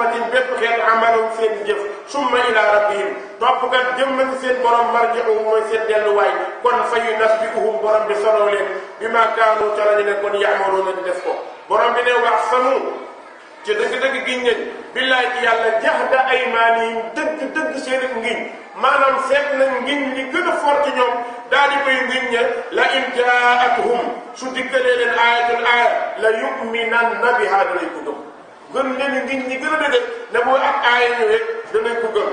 ummatin bépp xeet amalum seen jëf summa ila rabbihim topp kat jëm nañ seen borom marji'uhum mooy seen delluwaay kon fa yunabbi'uhum borom bi sonoo leen bi ma kaanu ca lañu ne kon ya'maluuna di def ko borom bi ne wax sanu ci dëgg-dëgg giñ nañ billaay ci yàlla jahda aymaanihim dëgg dëgg seen ngiñ maanaam seet nañ ngiñ li gën a fort ci ñoom daal di koy ngiñ la in jaa'athum su dikkalee leen aayatun aaya la yu'minanna bihaa danañ ko gëm gën leen nit ñi gën a dëgg ne bu ak aaya ñëwee danañ ko gëm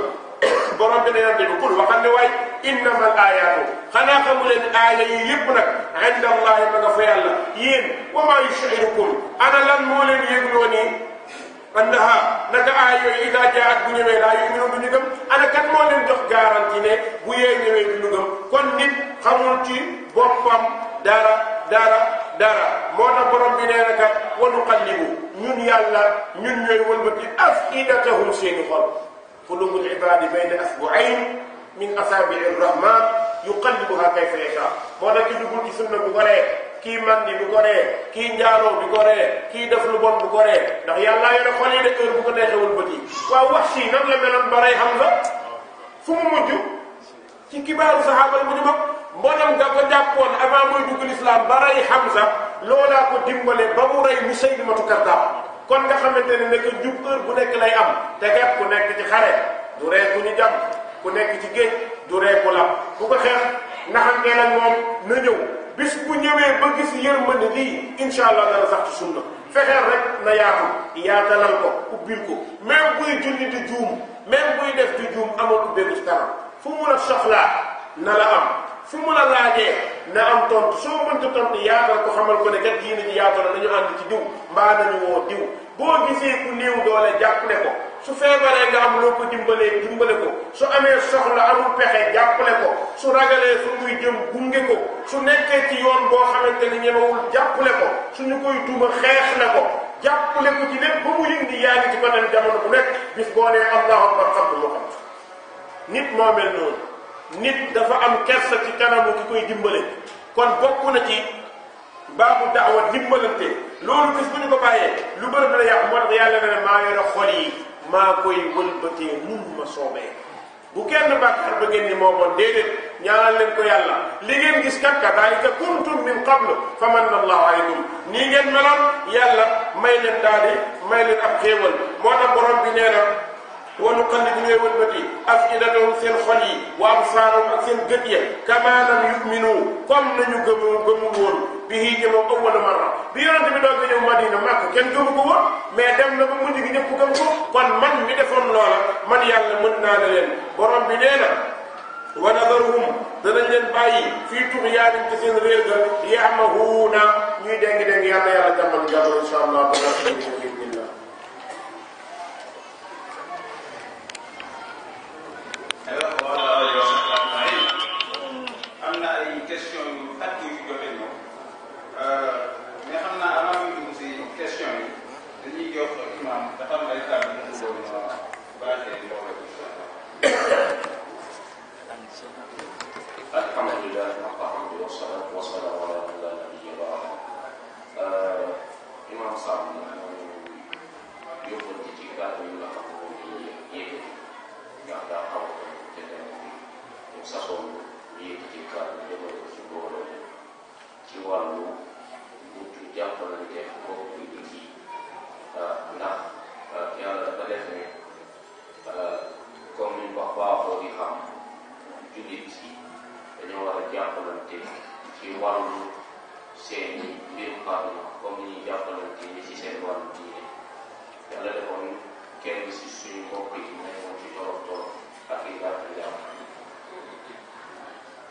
borom bi ne yonent bi kul waxal ne waay innamal aayaatu xanaa xamu leen aaya yi yëpp nag inda allahi ma nga fa yàlla yéen wa maa yushirukum ana lan moo leen jaat bu ñëwee laa yu'minuun du ñu gëm ana kan moo leen jox garantie ne bu yee ñëwee du ñu gëm kon nit xamul ci boppam dara moo tax borom bi nee na kat wa nuqallibu ñun yàlla ñun ñooy wëlbati afidatahum seeni xol qulubu libaadi bayna asbuayn min asaabii rahman yuqallibuha kayfa yasha moo tax ki dugul ci sunna bu goree kii mandi bu goree kii njaaloo bu goree kii def lu bon bu goree ndax yàllaa yore xol yi de heure bu ko neexee wëlbati waaw wax si nan la meloon barey xam nga fu mu mujj ci kibaaru saxaaba yi mu ñu bokk mbonam ga ko jàppoon avant mooy dugg lislaam ba rey Hamza loolaa ko dimbale ba mu rey Musaylimatu Kaddaab kon nga xamante ne nekk jub heure bu nekk lay am te kat ku nekk ci xare du ree ku ñu jàmm ku nekk ci géej du ree ku lab bu ko xeex naxante la moom na ñëw bis bu ñëwee ba gis yërmande lii incha allah dana sax ci sunna fexeel rek na yaatu yaatalal ko ubbil ko même buy julli di juum même buy def di ama amul ubbeeku ci kanam fu mu la soxlaa na la am. fu mu la laajee na am tontu soo mënta tontu yaatal ko xamal ko ne kat diine ji yaatu na nañu ànd ci diw mbaa nañu woo diw boo gisee ku néew doole jàppale ko su feebaree nga am loo ko dimbalee dimbale ko su amee soxla amul pexe jàppale ko su ragalee fu muy jëm gunge ko su nekkee ci yoon boo xamante ne ñemewul jàppale ko suñu koy duma xeex na ko jàppale ko ci lépp ba mu yëngu yaa ngi ci beneen jamono bu nekk bis boo nee am naa xam nga xam lu xam nit moo mel noonu. nit dafa am sa ci kanamu ki koy dimbale kon bokk na ci baa baabu daawa dimbalante loolu gis bu ñu ko bàyyee lu bëri dina yàqu moo tax yàlla na ne maa yore xol yi maa koy wëlbatee nun ma soobee bu kenn bàkkaar ba ngeen ni moomoon déedéet ñaanal leen ko yàlla li ngeen gis kat kadaalika kuntum min qablu fa manna allahu aleykum nii ngeen meloon yàlla may leen daal may leen ab xéewal moo tax borom bi nee na wa nuqallibu ñooy wëlbati af'idatahum seen xol yi wa absaarahum ak seen gët ya kamaa lam yuminu comme nañu gëmu gëmul woon bihi jëmam awwala marra bi yonente bi doog a ñëw Madina màkk kenn gëmu ko woon mais dem na ba mujj gi ñëpp gëm ko kon man mi defoon loola man yàlla mën naa la leen borom bi nee na wa nadaruhum danañ leen bàyyi fii tuxyaanim ci seen réer ga yamahuuna ñuy déngi déngi yàlla yàlla jàmmal jàmmal incha allah Hello.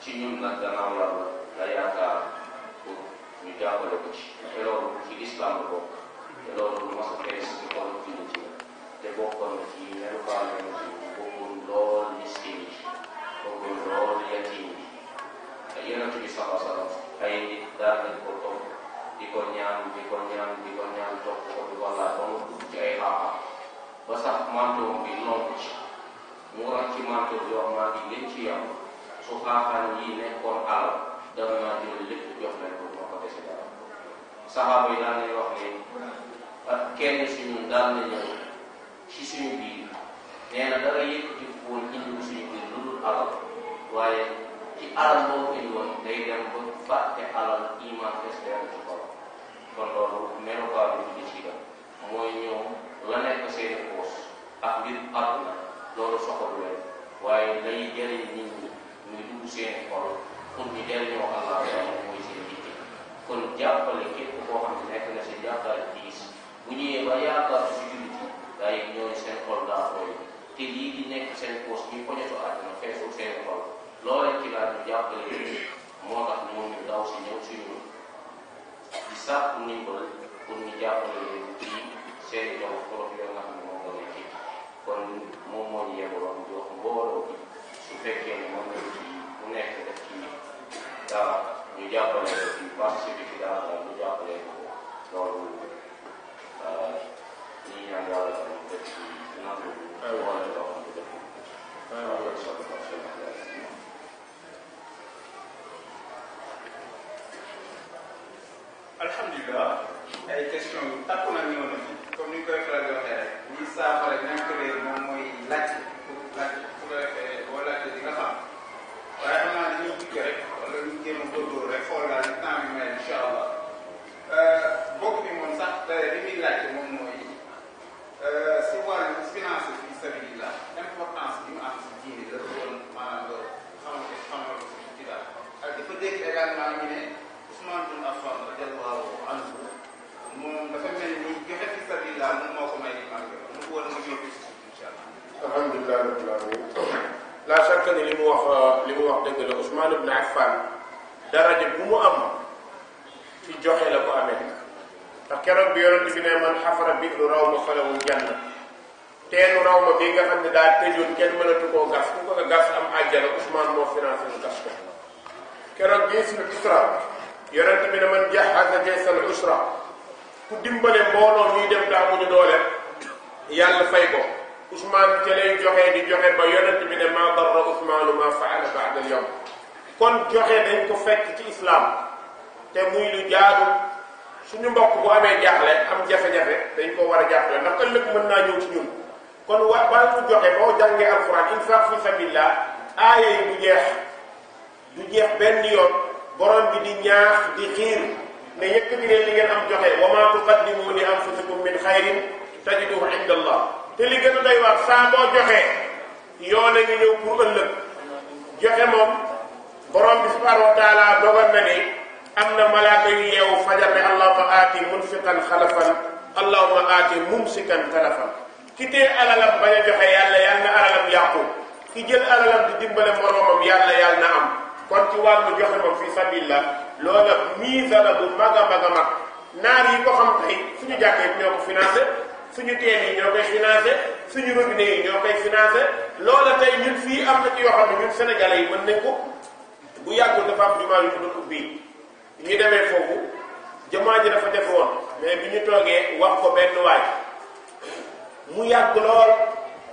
ci ñun nag gannaaw yàlla la yaakaar pour ñu jàppale ko ci te loolu ci lislaam la bokk te loolu lu mas a fees ci xolu jullit yi te bokkoon na ci melukaan na ci bokkoon lool miskin yi bokkoon lool yatim yi te yonent bi sala salam ay nit daan nañ ko topp di ko ñaan di ko ñaan di ko ñaan topp ko di ko laaj ba mu dugg ci ay xaaxaam ba sax mantoom mu ran ci mantoom yoo xam maa ngi leen su xaaxaan yii nekkoon àll dana naa jël lépp jox nañ ko moo ko dese dara saxaaba yi daan nañ wax ne ah, kenn suñu daan na ñëw ci suñu biir nee na dara yëkkati woon indi suñu biir lu dul alal waaye ci alal boobu indi woon day dem ba fàtte alal iman fester ci xol kon loolu melokaan bi di ci dem mooy ñëw la nekk seeni poos ak mbir àdduna loolu soxalu leen waaye lay jëriñ ñi dugg seen xol pour ñu delloo Allah yàlla mooy seen yitte kon jàppale képp koo xam ne nekk na si jàppale diis bu ñëwee ba yaakaar si jullit yi daa yëg ñoo seen xol daa koy te lii di nekk seen poos ñu poñetu àdduna feesul seen xol loolee ci laa ñu jàppale moo tax ñoom ñu daw si ñëw suñu di sàkku ndimbal pour ñu jàppale leen ci seen i jaw trop yoo nga xam ne moom la nekkee kon moom moo ñu yebaloon di wax mbooloo bi su fekkee ne moom la ku nekk def ci dara ñu jàppale ko ci participer ci dara daal ñu jàppale ko loolu euh, ñi ñaan yàlla dañu def ci nangu ah wala loo xam ne def ah alhamdulilah ay question yu takku na ñëw na fi comme ni ñu koy faral di waxee rek ñi saafara ñàkk réer moom mooy laaj yaakaar naa ñu ne Ousmane bin Affan radiyallahu anhu moom dafa mel ni joxe fi sabilillah moom moo ko may li mag mu ngi woon mu ñëw bis incha allah. alhamdulilah rabbil alamin la chaque ni li mu wax li mu wax dëgg la Ousmane bin Affan daraja bu mu am ci joxe la ko amee ndax keroog bi yonent bi ne man xafara bi lu raw ma falawul janna teenu raw ma bii nga xam ne daa tëjoon kenn mënatu koo gas ku ko gas am àjjana Ousmane moo financé lu gas ko. keroog gis na kisra yonent bi ne man jahaza jaysal usra ku dimbale mbooloo ñuy dem daa muñu doole yàlla fay ko Ousmane ca lay joxe di joxe ba yonent bi ne maa darra Ousmaanu maa faala baada al yawm kon joxe dañ ko fekk ci islam te muy lu jaadu suñu mbokk bu amee jaaxle am jafe-jafe dañ ko war a jàppale ndax ëllëg mën naa ñëw ci ñun kon wa baa joxe boo jàngee alquran infaq fi sabilillah aaya yi bu jeex du jeex benn yoon borom bi di ñaax di xiir ne yëkkati leen li ngeen am joxe wa maa tuqaddimu li anfusikum min xayrin tajiduhu inda allah te li gën a doy waar saa boo joxe yoon a ngi ñëw pour ëllëg joxe moom borom bi subhanahu wa taala dogal na ne am na malaaka yu yeewu fajar ne allahuma aati munfiqan xalafan allahuma aati mumsikan talafan ki tee bañ a joxe yàlla yàlla na alalam yàqu ki jël alalam di dimbale moroomam yàlla yàlla am kon ci wàllu joxe moom fii sabilillah loola mise la bu mag a mag a mag naar yi ko xam tey suñu jàkkee ñoo ko financé suñu teen yi ñoo koy financé suñu robinet yi ñoo koy financé loola tey ñun fii am na ci yoo xam ne ñun sénégalais yi mën nañ bu yàggul dafa am jumaa yu ko doon ubbi ñu demee foofu jamaa ji dafa def woon mais bi ñu toogee wax ko benn waay mu yàgg lool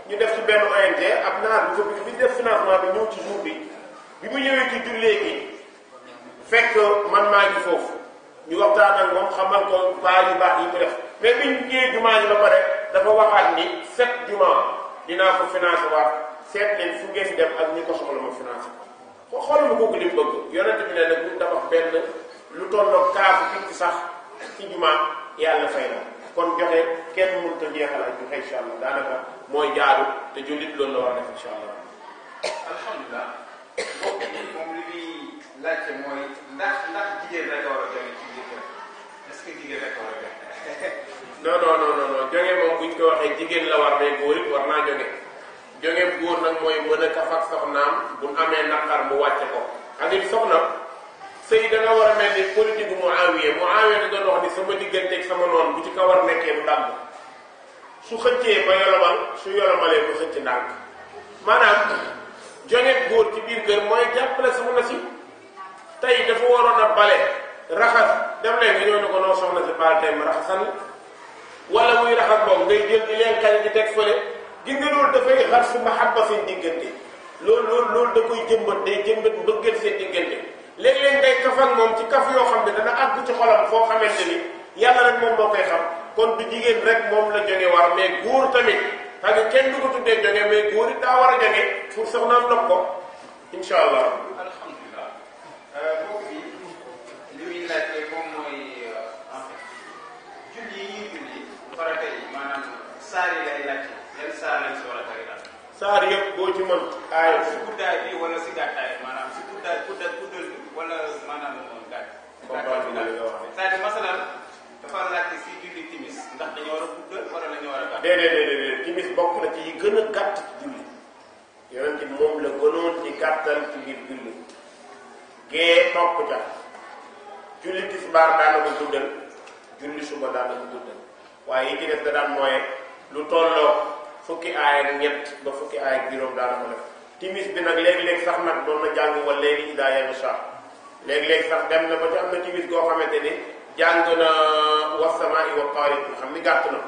ñu def ci benn ONG ab naar bu ko bi def financement bi ñëw ci jour bi bi mu ñëwee ci jullee gi fekk man maa ngi foofu ñu waxtaan ak moom xamal ko baa yu baax yi mu def mais biñ ñëwee jumaa ji ba pare dafa waxaat ni sept jumaa dinaa ko financé waat seet leen fu ngeen dem ak ñu ko soxla ma financé ko xool mu bëgg li mu bëgg yonent bi ne nag bu tabax benn lu tolloog kaafu picc sax ci jumaa yàlla fay la kon joxe kenn mënut a jeexal ak joxe incha allah daanaka mooy jaaru te jullit loolu la war a def incha kooku moom li muy laajte mooy ndax ndax jigéen rek war a joxe jigéen rek war a joxe. non non non non moom bu ñu ko waxee jigéen la war mais góor it war naa joge joge góor nag mooy mën a kaf ak soxnaam bu amee naqar mu wàcce ko xam nga soxna sëy da war a mel ni politique bu Muawiya Muawiya da doon wax ni sama diggante ak sama noon bu ci kawar nekkee mu dàmb su xëccee ba yolobal su yolobalee mu xëcc ndànk maanaam. joneet góor ci biir kër mooy jàppale soxna si tey dafa waroon a bale raxas def leen nga ñëw ne ko noo soxna si baal tey ma raxasal wala muy raxas boobu ngay jël di leen kañ di teg fële gis loolu dafay xar su mahabba seen diggante loolu loolu loolu da koy jëmbat day jëmbat mbëggeel seen diggante léeg-léeg day kafal moom ci kaf yoo xam ne dana àgg ci xolam foo xamante ni yàlla rek moom moo koy xam kon du jigéen rek moom la jone war mais góor tamit parce que kenn du ko tuddee jange mais góor it daa war a jange pour soxnaam dog ko incha allah. alhamdulilah euh, mbokk bi li muy laajte moom mooy euh, en fait julli yi ñuy julli farata yi maanaam saar yi lay laajte yan saar lañ si war a tari daal. saar yëpp boo ci mën. aay si guddaay bi wala si gàttaay maanaam si guddaay guddal guddal bi wala maanaam euh, gàtt. gàttal bi daal c'est-à-dire masalan dafa laajte si. ndax dañoo war a guddal wala dañoo war timis bokk na ci gën a gàtt ci julli yonent bi moom la gënoon ci gàttal ci biir julli gee topp ca julli tisbaar daana ko julli suba daana ko waaye yi ci def da daan mooye lu tolloo fukki aay ak ñett ba fukki aay ak juróom daana def timis bi nag léeg-léeg sax nag doon na jàng wala léegi idaa yagsha léeg-léeg sax dem na ba ci am na timis goo xamante ni jàng na wasamaa i wa taariq nga xam ni gàtt na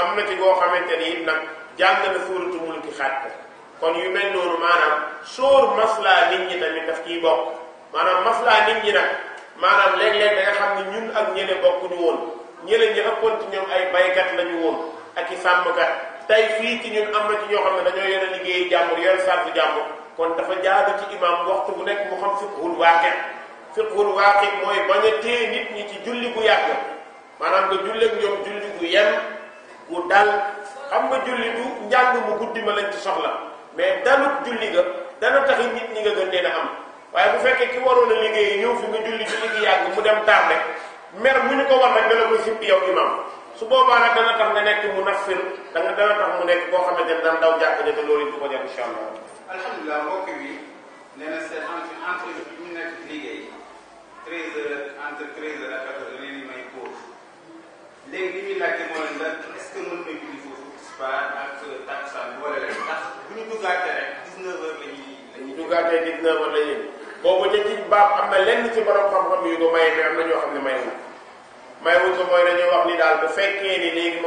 am na ci boo xamante ni it nag jàng na suuratu mulki xaaj ko kon yu mel noonu maanaam sóor maslaa nit ñi tamit daf ciy bokk maanaam maslaa nit ñi nag maanaam léeg-léeg nga xam ne ñun ak ñeneen bokkuñu woon ñeneen ñi ëppoon ci ñoom ay baykat lañu woon ak i sàmmkat tey fii ci ñun am na ci ñoo xam ne dañoo yore liggéey jàmbur yore sàmm jàmbur kon dafa jaadu ci imaam waxtu bu nekk mu xam fiqhul waaqi' fiqhul waaqi mooy bañ a téye nit ñi ci julli gu yàgg maanaam nga julleeg ñoom julli gu yem gu dal xam nga julli du njàng mu guddi ma lañ ci soxla mais dalut julli ga dana taxi nit ñi nga gën leen am waaye bu fekkee ki waroon a liggéey ñëw fi nga julli julli gi yàgg mu dem tardé mer mu ñu ko war rek dana koy sippi yow imam su boobaa nag dana tax nga nekk mu naffir da nga dana tax mu nekk boo xam ne dana daw jàkk te loolu du ko jar incha allah alhamdulilah mbokk bi nee na liggéey treize heures entre treize heures ak quatorze heures may pause léegi li ñuy laajte mooy ndax est-ce que mën na julli foofu tisbaar ak takkusaan wala rek ndax bu ñu duggaatee rek dix-neuf heures la la ñuy duggaatee dix-neuf heures la ñuy boobu ca ci baab am na lenn ci borom xam-xam ko na ñoo xam ne maye wu may ni daal bu fekkee ni léegi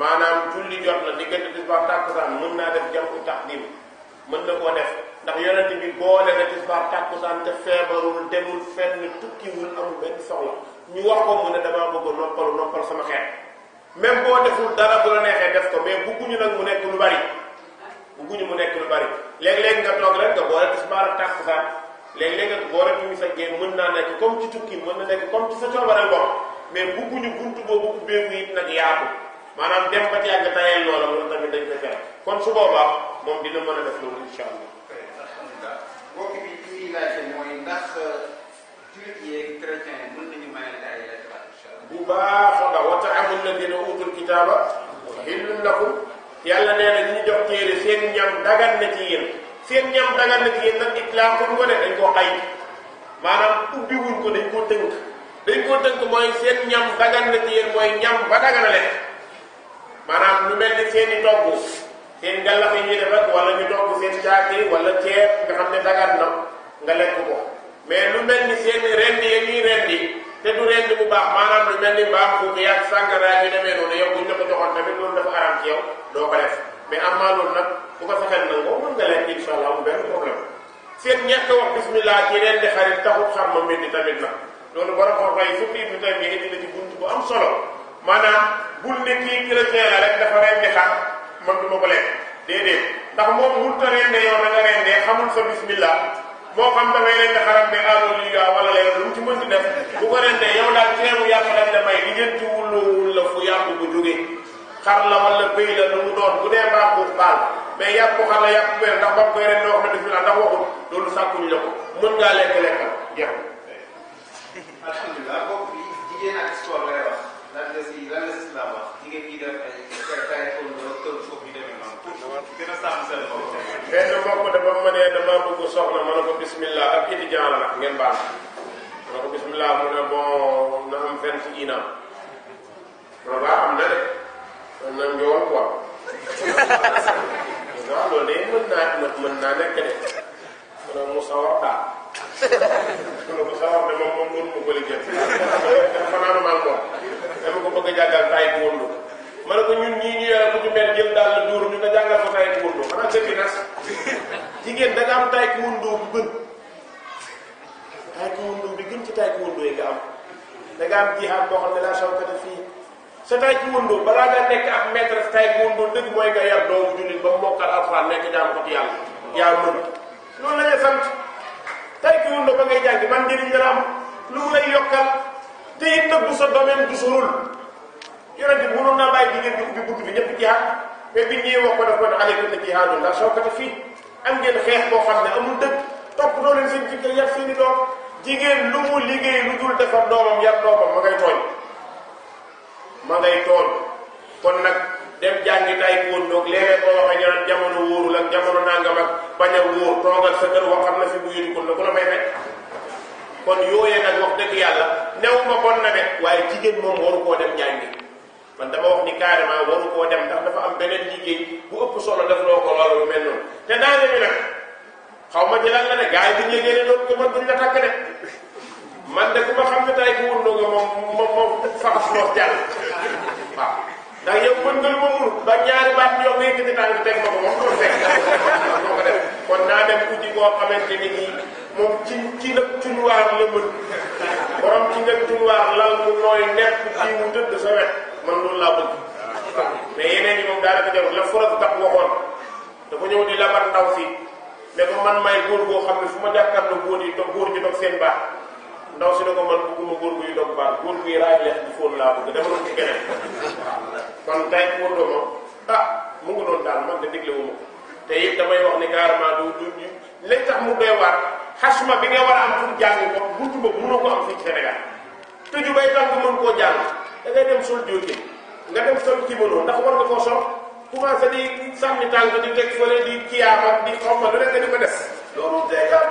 maanaam julli jot na diggante tisbaar takkusaan mën naa def jàmbu taxdim koo def ndax yonent bi boole na tisbaar tàkkusaan te feebarul demul fenn tukkiwul amul benn soxla ñu wax ko mu ne damaa bëgg noppalu noppal sama xeet même boo deful dara bu la neexee def ko mais ñu nag mu nekk lu bari bugguñu mu nekk lu bari léeg-léeg nga toog rek nga boole tisbaar ak tàkkusaan léeg-léeg nga boole timis ak mën naa nekk comme ci tukki mën na nekk comme ci sa coobare bopp mais bugguñu buntu boobu ubbeeku it nag yaatu maanaam dem ba ci yàgg tayee loola loolu tamit dañ fekk kon su boobaa moom dina mën a def loolu incha ñuy laajte mooy ndax juif yeeg chrétien yi nañu mayante ay lekk la incha bu baax a baax wa ta'amul ladina utul kitaaba hillun na ñu jox téere seen ñam dagan seen ñam dagan na ci yéen nag itlaa ko ne dañ koo xay koo tënk dañ koo tënk ba maanaam lu mel ni seen i togg seen gàllax yi ñuy def ak wala seen caaki wala ceeb nga xam ne dagan na nga lekk ko mais lu mel ni seeni rendi ya ñuy rendi te du rendi bu baax maanaam lu mel ni mbaax buubu yàgg sàngara yu demee noonu yow buñ la ko joxoon tamit loolu dafa araam ci yow doo ko def mais amaa loolu nag bu ko saxel nangoo nga lekk seen ñàkk wax bismillah ci rendi xarit taxut xar a ko fay surtout bi tamit nga indi solo maanaam bul ne kii chrétien la rek dafa rendi xar man du ko lekk déedéet ndax moom mënut a rendee yow na nga rendee xamul sa bismillah moo xam da ngay leen di xaram ne aaroo lii gaa wala leen lu mu ci mën di def bu ko ren de yow daal ceebu yàpp lañ la may li ngeen ci wulloowul la fu yàpp bu jógee xar la wala béy la lu mu doon bu dee baax bu baal mais yàpp xar la yàpp bëri ndax bam koy ren ne la ko mën ngaa lekk lekkal jeex na. alhamdulilah bokk bi jigéen ak sport lay wax lan si lan la si islam wax jigéen ñi def ay ay ay ay ay benn mbokk dafa ma ne dama bëgg soxna ma ne ko bismillah ak étudiant la nag ngeen baal ko bismillah mu ne na am ah, na am na njool naa nekk de ma ne mu sawar daal ma ko sawar de moom moom ko liggéey dafa naan maa moom ko bëgg a jàngal taay bu wëndu ma ko ñun ñii ñu yore ku ci jël daal la duur ñu ko jàngal ko taay maanaam sa finance jigéen da nga am taekwondo bu gën taekwondo bi gën ci taekwondo yi nga bi da nga am jihaad boo balaa nga nekk ak maîtresse taekwondo dëgg mooy nga yar doomu ba mokkal alxuraan nekk jaam ko yàlla yaa mën loolu la ñu sant taekwondo ba ngay jàng man njëriñ la am lu mu lay yokkal te it sa domaine du sorul yonent bi mënoon naa bàyyi jigéen ñi ubbi bunt bi ñëpp jaar. mais biñ wax ko daf ko ne aleykum na jihaadu ndax soo ko te fii am ngeen xeex boo xam ne amul dëkk topp lu mu liggéey lu dul defar doomam yar doomam ma ngay tooñ ma ngay tooñ kon nag dem jàngi tay koon doog léeg-léeg boo waxee wóorul ak jamono nangam ak bañ a wóor toogal sa kër waxam na fi bu yëngu la ku la may fekk kon yooyee nag wax dëgg yàlla new ma bon na de waaye jigéen moom waru dem jàngi man dama wax ni carrément waru koo dem ndax dafa am beneen liggéey bu ëpp solo def loo ko loolu lu mel noonu te daane mi nag xaw ma ci la ne gars yi bu ñu ko de man de ku ma xam ne tey ku wóor nga moom moom moom faxas loos lu ma mun ba ñaari baat yow nga yëkkati tànk teg ma ko moom loolu fekk moo kon naa dem uti koo xamante ni nii moom ci ci la ci nekk ci mu sa wet man loolu laa bëgg mais yeneen yi moom daanaka jarul la forage gàpp waxoon dafa ñëw di labar ndaw si ne ko man may góor goo xam ne fu ma jàkkaarloo góor yi dog góor ñi dog seen baax ndaw si ne ko man bëgguma góor guy dog baax góor guy raaj leex di fóon laa bëgg defaroon ci keneen kon ah, mu ngi doon daal man de digle wu te it damay wax ni carrément du du lañ tax mu doy waar xasuma bi nga war a am pour jàng ko buntu boobu mënoo ko am fii ci Sénégal tëju bay tànk mën koo jàng da ngay dem sol jogging nga dem sol kimono ndax war nga koo sol commencé di sàmmi tànk di teg fële di kiyaama di xaw ma lu nekk di ko des. loolu tey yaa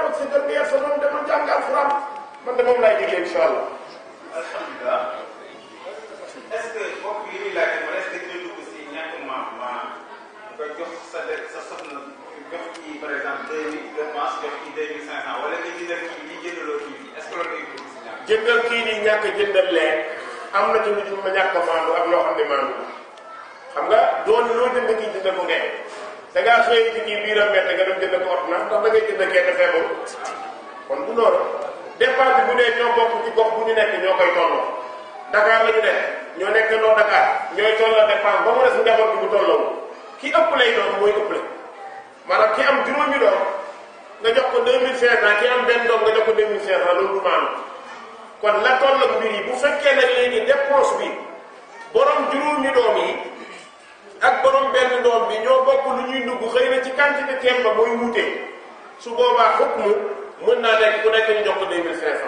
man de moom laay liggéey incha allah. alhamdulilah est-ce que mbokk yi ñuy laajte wala est-ce jox sa sa soxna jox kii par exemple deux mille deux mois jox kii deux mille cinq cent wala nga jëndal kii kii nii est-ce que loolu si ñàkk. kii nii ñàkk jëndal leen. am na ci lu jub ñàkk a maandu ak loo xam ne maandu xam nga doon loo jënd kii jënd ko ngeen da ngaa xëy ci kii biiram mette nga dem jënd ko ordonnance ndax da ngay jënd kenn feebaru kon bu loolu dépense bu dee ñoo bokk ci bu tolloo Dakar la ñu nekk ñoo nekk ëpp lay doon mooy ki am juróomi doom nga jox ko deux mille cinq cent ki am benn doom nga jox ko deux mille cinq loolu du maandu kon la toll mbir yi bu fekkee nag léegi dépense bi borom juróomi doom yi ak borom benn doom bi ñoo bokk lu ñuy dugg xëy na ci quantité teem ba mooy wuute su boobaa xukk mu mën naa nekk ku nekk ñu jox ko 2500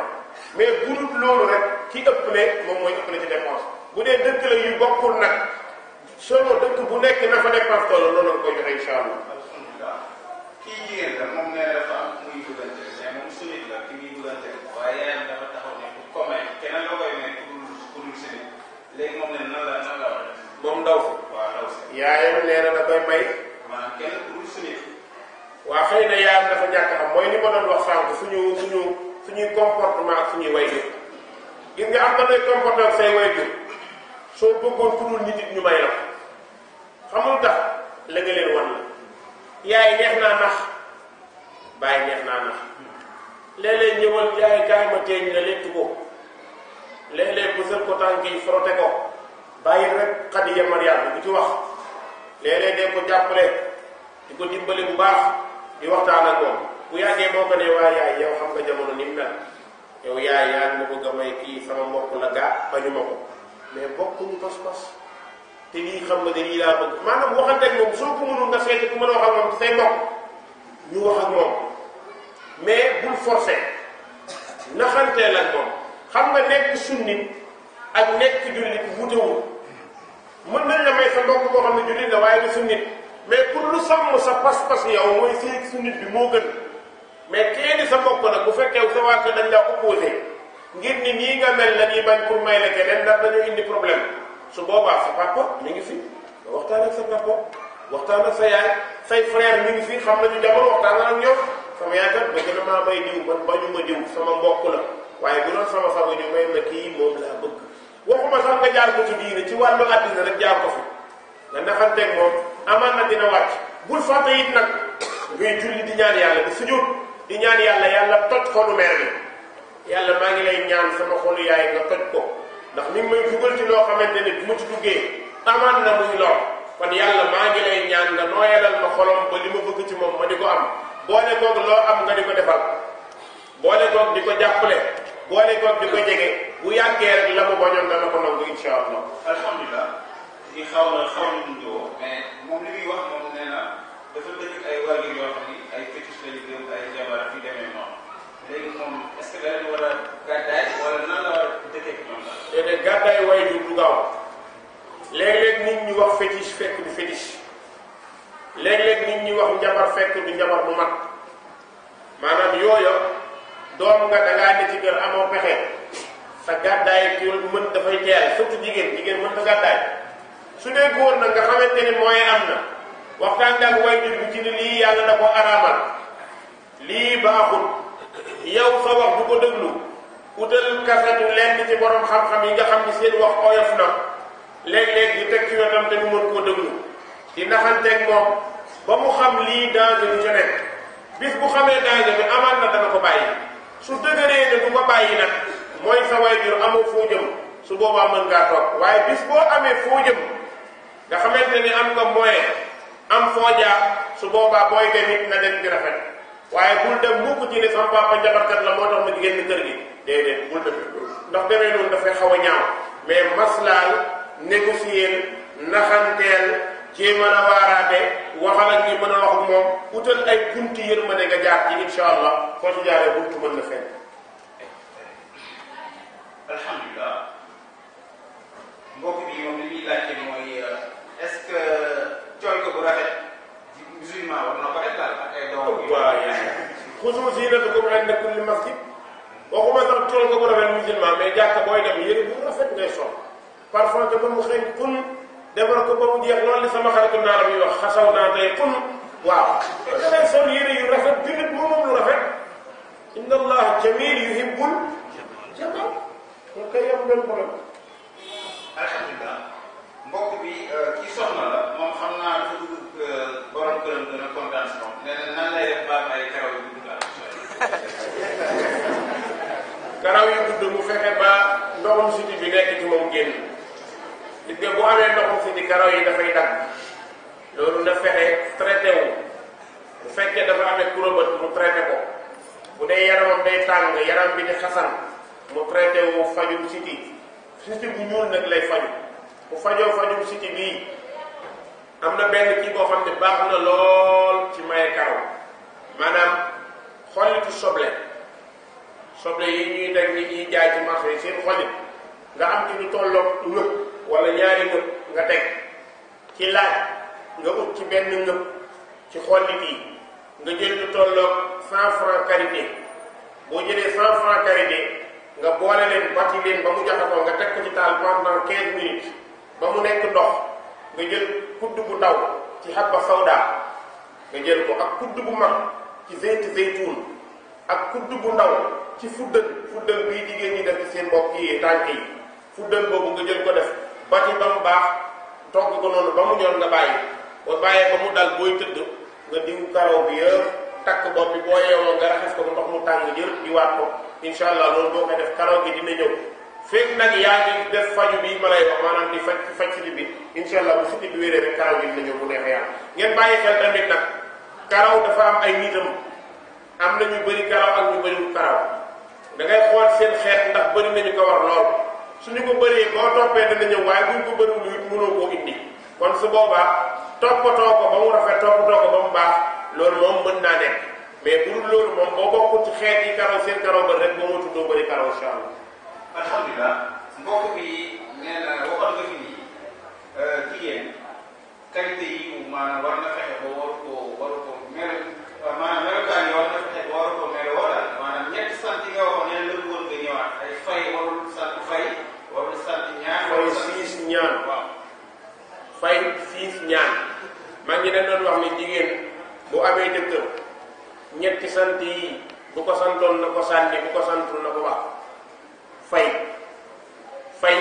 mais bu loolu rek ki ëpp ne moom mooy ëpp ne ci dépense bu dee dëkk la yu bokkul nag solo dëkk bu nekk na fa dépense toll loolu lañ koy joxe incha allah. kii jigéen la moom nee dafa am muy duggante mais moom solide la ki muy duggante waaye yaayam dafa tax. léegi moom nee na la nan la ndaw yaayam nee na da koy may. maanaam xëy na yaayam dafa ñàkk xam mooy li ma doon wax sànq suñu suñu suñuy comportement ak suñuy way yëpp. gis nga am na lay comporté say way jur soo bëggoon ku dul nit ñu may la ko xamul tax la nga leen wan la yaay neex naa nax bàyyi neex naa nax léeg-léeg ñëwal yaay kaay ma tee leen tuboo le léeg bu sël ko tànk yi frotté ko bàyyi rek xadiya mariam bi bu ci wax léeg-léeg dee ko jàppale di ko dimbale bu baax di waxtaan ak moom bu yàggee boo ko nee yaay jamono ni mu mel yaay ma bëgg a may kii sama mbokk la gaa bañu ko mais bokkuñu pas-pas te xam nga ne lii laa bëgg maanaam waxante ak ku mën a wax ak moom say mbokk ñu wax ak moom mais bul forcer naxanteel ak moom xam nga nekk sunnit ak nekk jullit wutewul mën nañ la may sa mbokk boo xam ne jullit la waaye du sunnit mais pour lu sàmm sa pas-pas yow mooy séeg sunnit bi moo gën mais sa mbokk nag bu fekkee sa waa kër dañ laa opposé ngir ni nii nga mel na nii bañ pour may la keneen ndax dañoo indi problème su boobaa sa papa mi ngi fi nga waxtaan ak sa papa waxtaan ak sa yaay say frère mi ngi fi xam nañu jamono waxtaan ak ñoom sama yaay kat bëgg na maa may diw man bañu ma diw sama mbokk la waaye bu doon sama fabu ñu may ma kii moom laa bëgg waxuma sax nga jaar ko ci diine ci wàllu àddina rek jaar ko fi nga naxanteeg moom amaan na dina wàcc bul fàtte it nag ngay julli di ñaan yàlla di di ñaan yàlla yàlla toj xolu mer bi yàlla ngi lay ñaan sama xolu ko ndax ci loo xamante ne bu ma ci duggee amaan na muy lor kon yàlla maa ngi lay ñaan nga nooyalal ma xolom ba li ma bëgg ci moom ma di ko am boole koog loo am nga di ko defal boole koog di ko jàppale boole koog bi ko jege bu yàggee rek la mu bañoon dana ko nangu incha allah. alhamdulilah li xaw na xaw na dund moom li muy wax moom nee na dafa dëkk ay waajur ni ay fétiche lañu gëm ay jabar a gàddaay a dëkkee wax fétiche fekk du fétiche léeg-léeg nit ñi wax njabar doom nga da ngaa ne ci kër amoo pexe sa gàddaay kii mën dafay teel surtout jigéen jigéen mën ta gàddaay su dee góor na nga xamante ni mooy am na waxtaan daal way jur ci ni lii yàlla da ko araamal lii baaxul yow sa wax bu ko déglu utal kasatu lenn ci borom xam-xam yi nga xam ni seen wax oyof na léeg-léeg di teg ci wetam te mu mën koo déglu di naxanteeg moom ba mu xam lii danger bi ca nekk bis bu xamee danger bi amaat na dana ko bàyyi. su dëgëree ne du bàyyi nag mooy sa way jur amoo foo jëm su boobaa mën ngaa toog waaye bis boo amee foo jëm nga xamante ni am nga moyen am foo jaar su boobaa booy dem it na dem di rafet waaye bul dem mukk ci ne sama papa la moo tax ma jigéen ni kër gi déedéet bul def ndax demee noonu dafay xaw a ñaaw mais maslaal négocier naxanteel jéem a waaraate waxal ak ñi mën a wax moom utal ay bunti yërmande nga jaar ci incha allah foo ci jaaree mën na fenn. alhamdulilah mbokk bi moom li muy laajte mooy euh, est-ce que bu rafet musulman waxuma sax cooy ko bu rafet musulman mais jàkka booy dem yëre bu rafet ngay sol parfois que ba mu xëy kun. defal ko ba mu jeex loolu li sama xaritu naaram yi wax xasaw naa tey xun waaw te dangay sol yére yu rafet jullit moo moom lu rafet inna allaha jamil yuhibbul jamal kon kay am benn problème alhamdulilah mbokk bi ci euh, soxna la moom xam naa dafa dugg euh, borom këram dana kontaan si moom nee na nan lay def ba ay karaw yu gudd daal karaw yu gudd mu fexe ba ndoxam siti bi nekk ci moom génn nit nga bu amee ndoxum si di karaw yi dafay dagg loolu na fexe traité wu bu fekkee dafa amee kurobët mu traité ko bu dee yaramam day tàng yaram bi di xasan mu traité wu fajum siti siti bu ñuul nag lay faju bu fajoo fajum siti bii am na benn kii boo xam ne baax na lool ci maye karaw maanaam xollitu soble soble yi ñuy def yi ñuy jaay ci marché yi seen xollit nga am ci lu tolloog wala ñaari ngëb nga teg ci laaj nga ut ci benn ngëb ci xolli bii nga jël lu tolloog cent franc karité boo jëlee cent franc karité nga boole leen bati leen ba mu jaxasoo nga teg ko ci taal pendant quinze minutes ba mu nekk ndox nga jël kudd bu ndaw ci habba sawda nga jël ko ak kudd bu mag ci zeyti zeytuun ak kudd bu ndaw ci fuddën fuddën bii jigéen ñi def ci seen bopp yi tànk yi fuddën boobu nga jël ko def bati ba mu baax togg ko noonu ba mu ñor nga bàyyi oo bàyyee ba mu dal booy tëdd nga diw karaw bi yëpp takk bopp bi boo yeewoo nga raxas ko ndox mu tàng jër di waat ko incha allah loolu boo ko def karaw gi dina ñëw fekk nag yaa ngi def faju bi ma lay wax maanaam di faj faj ci bi incha allah bu sibi bi wéree rek karaw gi dina ñëw bu neexee yàlla ngeen bàyyi xel tamit nag karaw dafa am ay nitam am na ñu bëri karaw ak ñu bëriwul karaw da xool seen bëri nañu ko war ni ko bëree boo toppee dana ñëw waaye buñ ko bëriwul it mënoo koo indi kon su boobaa toppatoo ko ba mu rafet toppatoo ko ba mu baax loolu moom mën naa nekk mais bu dul loolu moom boo bokkul ci xeet yi karaw seen karaw ba rek boo motul doo bëri karaw incha allah. alhamdulilah mbokk bi nee na waxoon nga fi nii euh, jigéen qualité yi maanaam war na fexe ba waru ko waru ko mel maanaam melukaan yi war fay siis ñaan maa ngi leen doon wax ni jigéen bu amee jëkkër ñetti sant yi bu ko santoon na ko sànni bu ko santul na ko wax fay fay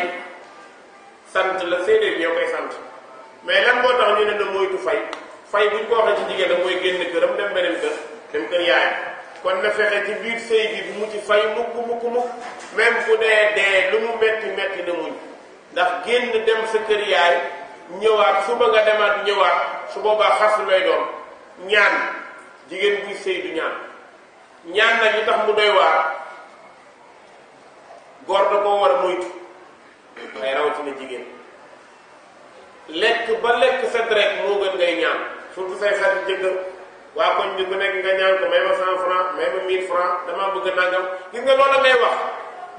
sant la séeréer ñoo koy sant mais lan moo tax ñu ne na moytu fay fay buñ ko waxee ci jigéen da mooy génn këram dem beneen kër dem kër yaay kon na fexe ci biir sëy bi bu mu ci fay mukk mukk mukk même ku dee dee lu mu metti metti na muñ ndax génn dem sa kër yaay ñëwaat suba nga demaat ñëwaat su boobaa xas lay doon ñaan jigéen buy sëy du ñaan ñaan nag ñu tax mu doy waar góor da war a moytu waaye rawatina jigéen lekk ba lekk set rek moo gën ngay ñaan surtout say xarit jëkkër waa koñ bi ku nekk nga ñaan ko may ma cent franc may ma mille franc damaa bëgg nangam gis nga loolu ngay wax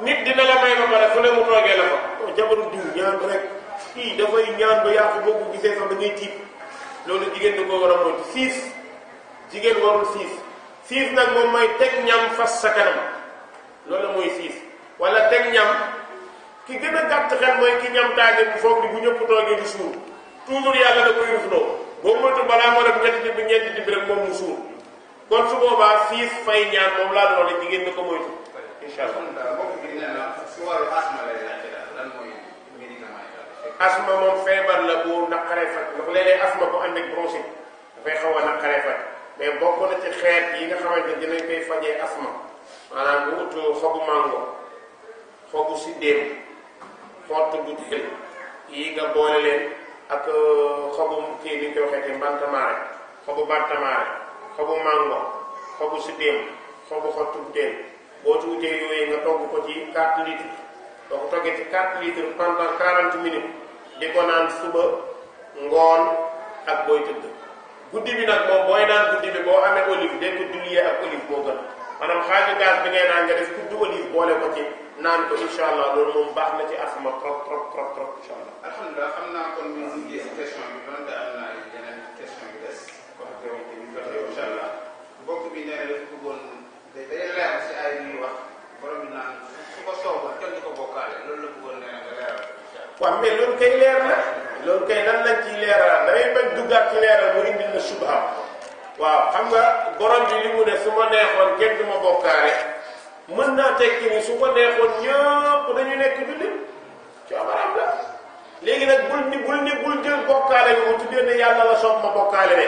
nit dina la may ba pare fu ne mu toogee la ko oh, jabaru diw ñaan rek kii dafay ñaan ba yàqu boo ko gisee sax da ngay tiit loolu jigéen da ko war a moytu siis jigéen warul siis siis nag moom mooy teg ñam fas sa kanam loolu mooy siis wala teg ñam ki gën a gàtt xel mooy ki ñam taage bu foog di bu ñëpp toogee di suur toujours yàlla da koy rufloo boo moytu balaa moo def ñetti dibi ñetti dibi rek moom mu suur kon su boobaa siis fay ñaan moom laa doon jigéen na ko moytu asma moom feebar la bu naqaree faj ndax léeg-léeg asma bu ànd ak bronchite dafay xaw naqaree faj mais bokk na ci xeet yi nga xamante ne dinañ koy fajee asma maanaam bu ut euh, xobu mango xobu siddéem xobu kii ni ñu ci bantamaare yooyu nga togg ko ci 4 litres boo ko toggee ci 4 litres pendant 40 minutes. di ko naan suba ngoon ak booy tëdd guddi bi nag moom booy naan guddi bi boo amee olive dégg dulyee ak olive boo gën maanaam xaaju gaz bi ngay naan nga def kuddu olive boole ko ci naan ko incha allah loolu moom baax na ci asma trop trop trop trop incha allah. alhamdulilah xam naa kon bu ñu duggee si question bi donte am naa yeneen question yu des wax dëgg yu bëri incha allah mbokk bi nee na dafa bëggoon day day leer si ay ñuy wax borom bi naan su ko soobal kenn du ko bokkaale loolu la bëggoon nee na nga leeral. waaw mais loolu kay leer na loolu kay nan lañ ciy leeralal damay bañ duggaat ci a mu indil na subha waaw xam nga borom bi li mu ne su ma neexoon kenn du ma bokkaale mën naa tekki ni su ma neexoon ñëpp dañu nekk jullit coobaram la léegi nag bul ni bul ni bul jël bokkaale bi mu tuddee ne yàlla la sopp ma bokkaale de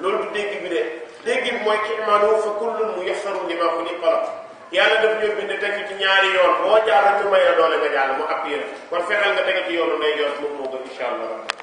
loolu du dégg bi de dégg bi mooy imaanu fa kullun mu yasaru li ma xuliqa la yàlla daf ñu bind teg ci ñaari yoon boo jaarale ñu may la doole nga jàll mu appuyé kon fexeel nga tege ci yoonu ndeyjoor moom moo gën incha allah.